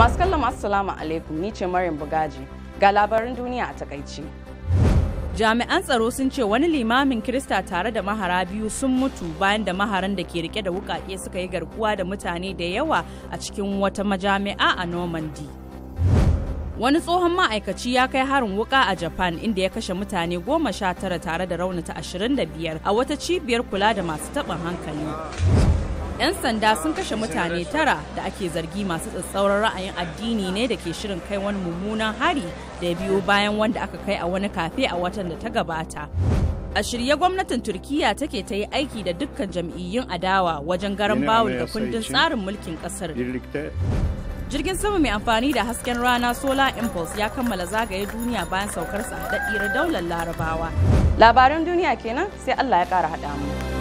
Masu kallon assalamu alaikum ni ce Maryam Bugaji ga labarin duniya a takaici. Jami'an tsaro sun ce wani limamin Kirista tare da mahara biyu sun mutu bayan da maharan da ke rike da wukake suka yi garkuwa da mutane da yawa a cikin wata majami'a a Normandy. Wani tsohon ma'aikaci ya kai harin wuka a Japan inda ya kashe mutane goma sha tara tare da raunata 25 a wata cibiyar kula da masu taɓin hankali. 'Yan sanda sun kashe mutane tara da ake zargi masu tsatsauran ra'ayin addini ne da ke shirin kai wani mummunan hari da ya biyo bayan wanda aka kai a wani kafe a watan da ta gabata. A shirye gwamnatin Turkiyya take ta yi aiki da dukkan jam'iyyun adawa wajen garan bawul da kundin tsarin mulkin kasar. Jirgin sama mai amfani da hasken rana Solar Impulse ya kammala zagaye duniya bayan saukarsa a da daular larabawa. Labaran duniya kenan sai Allah ya ƙara haɗa mu.